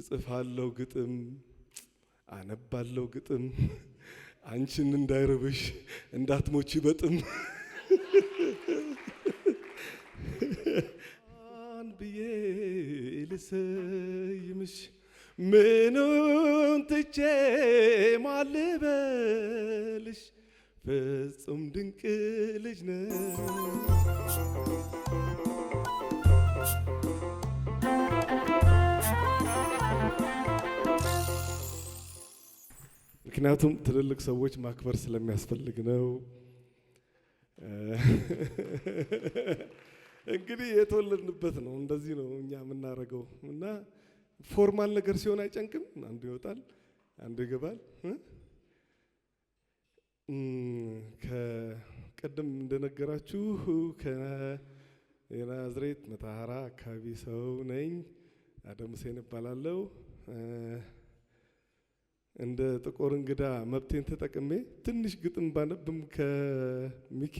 እጽፋለሁ ግጥም አነባለሁ ግጥም አንቺን እንዳይርብሽ እንዳትሞች በጥም ብዬ ልሰይምሽ ምኑን ትቼ ማልበልሽ ፍጹም ድንቅ ልጅ ነ! ምክንያቱም ትልልቅ ሰዎች ማክበር ስለሚያስፈልግ ነው። እንግዲህ የተወለድንበት ነው። እንደዚህ ነው እኛ የምናደርገው እና ፎርማል ነገር ሲሆን አይጨንቅም። አንዱ ይወጣል፣ አንዱ ይገባል። ከቀደም እንደነገራችሁ ከናዝሬት መተሃራ አካባቢ ሰው ነኝ። አደም ሁሴን እባላለሁ። እንደ ጥቁር እንግዳ መብቴን ተጠቅሜ ትንሽ ግጥም ባነብም ከሚኪ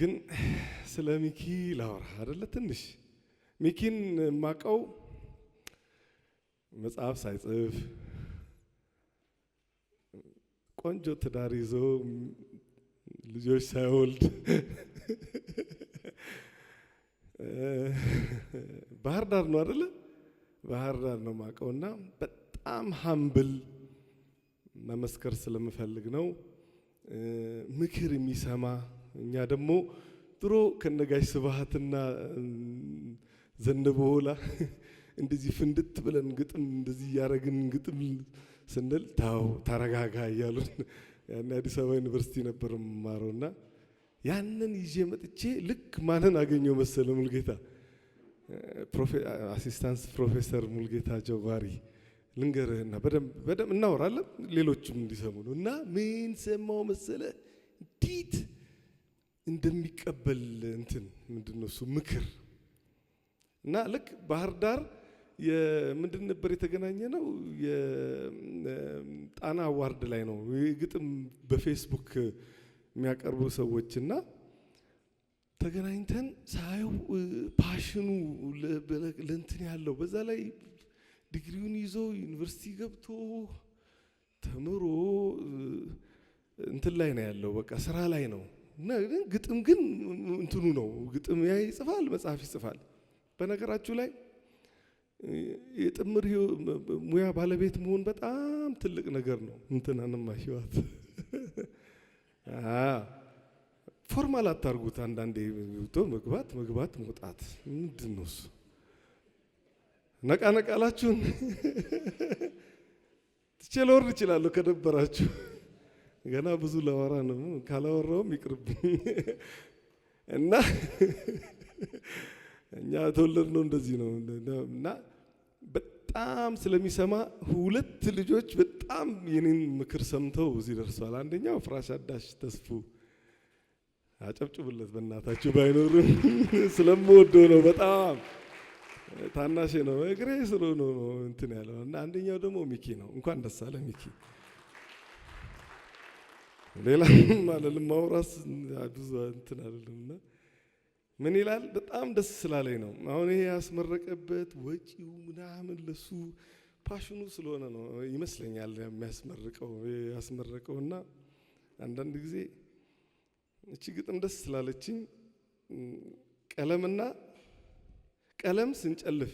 ግን ስለ ሚኪ ላወራ አደለ። ትንሽ ሚኪን ማቀው መጽሐፍ ሳይጽፍ ቆንጆ ትዳር ይዞ ልጆች ሳይወልድ ባህር ዳር ነው አደለ። ባህር ዳር ነው ማቀውና በጣም ሀምብል መመስከር ስለምፈልግ ነው። ምክር የሚሰማ እኛ ደግሞ ድሮ ከነጋሽ ስብሐትና ዘነበወላ እንደዚህ ፍንድት ብለን ግጥም እንደዚህ እያደረግን ግጥም ስንል ታው ተረጋጋ እያሉን ያን አዲስ አበባ ዩኒቨርሲቲ ነበር የምማረውና ያንን ይዤ መጥቼ ልክ ማንን አገኘው መሰለ ሙልጌታ አሲስታንስ ፕሮፌሰር ሙልጌታ ጀዋሪ ልንገርህና በደንብ እናወራለን ሌሎችም እንዲሰሙ ነው። እና ምን ሰማው መሰለ እንዴት እንደሚቀበል እንትን ምንድን ነው እሱ ምክር እና ልክ ባህር ዳር ምንድን ነበር የተገናኘ ነው የጣና አዋርድ ላይ ነው ግጥም በፌስቡክ የሚያቀርቡ ሰዎች እና ተገናኝተን ሳየው ፓሽኑ ለእንትን ያለው በዛ ላይ ዲግሪውን ይዞ ዩኒቨርሲቲ ገብቶ ተምሮ እንትን ላይ ነው ያለው፣ በቃ ስራ ላይ ነው። እና ግጥም ግን እንትኑ ነው ግጥም ያ ይጽፋል፣ መጽሐፍ ይጽፋል። በነገራችሁ ላይ የጥምር ሙያ ባለቤት መሆን በጣም ትልቅ ነገር ነው። እንትናንማ ህይወት ፎርማል አታርጉት። አንዳንዴ መግባት መግባት መውጣት ምንድን ነው እሱ ነቃ ነቃ አላችሁን? ትቼ ልወርድ እችላለሁ ከደበራችሁ። ገና ብዙ ላወራ ነው፣ ካላወራውም ይቅርብኝ እና እኛ ተወለድ ነው እንደዚህ ነው እና በጣም ስለሚሰማ ሁለት ልጆች በጣም የኔን ምክር ሰምተው እዚህ ደርሷል። አንደኛው ፍራሽ አዳሽ ተስፉ አጨብጭቡለት፣ በእናታችሁ ባይኖርም ስለምወደው ነው በጣም ታናሽ ነው እግሬ ስሩ ነው እንትን ያለው እና አንደኛው ደግሞ ሚኪ ነው። እንኳን ደስ አለ ሚኪ። ሌላ አልልም ማውራት ብዙ እንትን አልልም እና ምን ይላል በጣም ደስ ስላለኝ ነው። አሁን ይሄ ያስመረቀበት ወጪው ምናምን ለሱ ፓሽኑ ስለሆነ ነው ይመስለኛል የሚያስመርቀው ያስመረቀው እና አንዳንድ ጊዜ እቺ ግጥም ደስ ስላለችኝ ቀለምና ቀለም ስንጨልፍ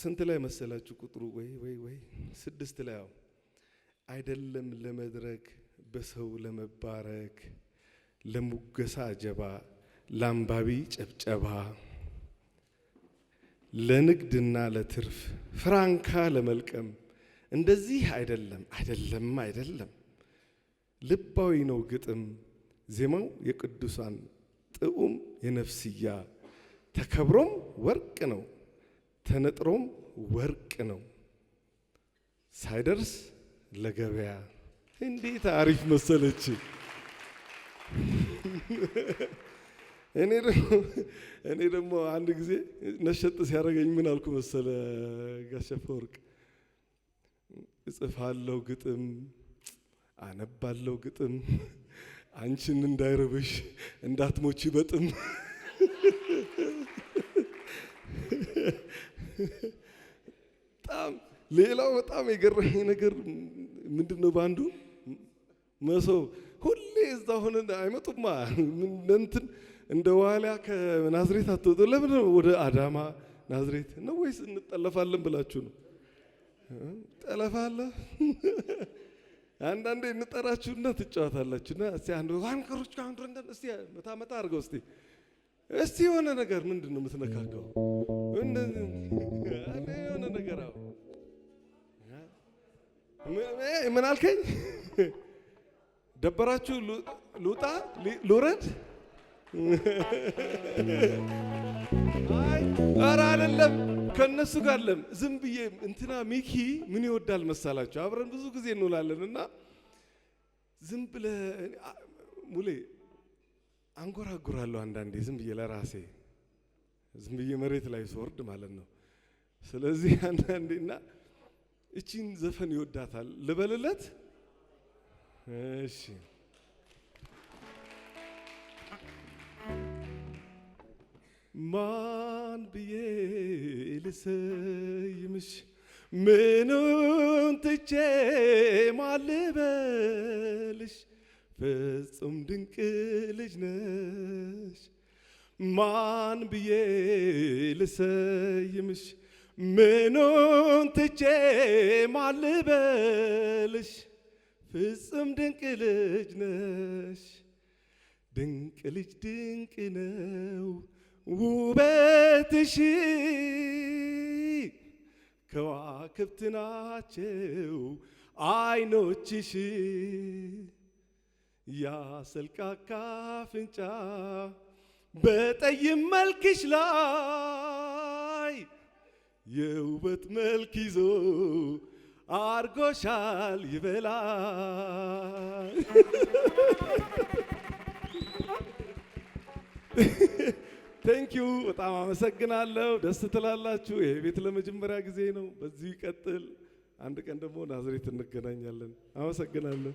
ስንት ላይ መሰላችሁ ቁጥሩ? ወይ ወይ ወይ ስድስት ላይ ያው አይደለም ለመድረክ በሰው ለመባረክ ለሙገሳ አጀባ ለአንባቢ ጨብጨባ ለንግድና ለትርፍ ፍራንካ ለመልቀም እንደዚህ አይደለም አይደለም አይደለም ልባዊ ነው ግጥም ዜማው የቅዱሳን ጥዑም የነፍስያ ተከብሮም ወርቅ ነው፣ ተነጥሮም ወርቅ ነው ሳይደርስ ለገበያ። እንዴት አሪፍ መሰለች! እኔ ደግሞ አንድ ጊዜ ነሸጥ ሲያደርገኝ ምን አልኩ መሰለ ጋሽ አፈወርቅ፣ እጽፋለሁ ግጥም አነባለሁ ግጥም አንቺን እንዳይርብሽ እንዳትሞቺ በጥም በጣም ሌላው በጣም የገረመኝ ነገር ምንድን ነው? በአንዱ መሶብ ሁሌ እዛ ሆነ አይመጡማ። እንትን እንደ ዋሊያ ከናዝሬት አትወጡ። ለምን ወደ አዳማ ናዝሬት ነው ወይስ እንጠለፋለን ብላችሁ ነው? ጠለፋለህ አንዳንዴ እንጠራችሁና ትጫወታላችሁና እስቲ አንዱ ዋንከሮች አንዱ እንደን እስቲ መታ መታ አድርገው እስቲ እስቲ የሆነ ነገር ምንድን ነው የምትነካከው? የሆነ ነገር አዎ፣ ምን አልከኝ? ደበራችሁ? ልውጣ? ልውረድ? አይ ኧረ አይደለም። ከእነሱ ጋር ለም ዝም ብዬ እንትና ሚኪ ምን ይወዳል መሳላቸው አብረን ብዙ ጊዜ እንውላለን እና ዝም ብለ ሙሌ አንጎራጉራለሁ አንዳንዴ ዝም ብዬ ለራሴ ዝም ብዬ መሬት ላይ ስወርድ ማለት ነው። ስለዚህ አንዳንዴ እና እቺን ዘፈን ይወዳታል ልበልለት። እሺ ማን ብዬ ልሰይምሽ ምኑን ትቼ ማልበልሽ ፍጹም ድንቅ ልጅ ነሽ ማን ብዬ ልሰይምሽ ምኑን ትቼ ማልበልሽ ፍጹም ድንቅ ልጅ ነሽ ድንቅ ልጅ ድንቅ ነው ውበትሽ ከዋክብት ናቸው አይኖችሽ ያሰልቃካ ፍንጫ በጠይም መልክሽ ላይ የውበት መልክ ይዞ አርጎሻል ይበላል። ቴንኪው በጣም አመሰግናለሁ። ደስ ትላላችሁ። ይሄ ቤት ለመጀመሪያ ጊዜ ነው። በዚሁ ይቀጥል። አንድ ቀን ደግሞ ናዝሬት እንገናኛለን። አመሰግናለሁ።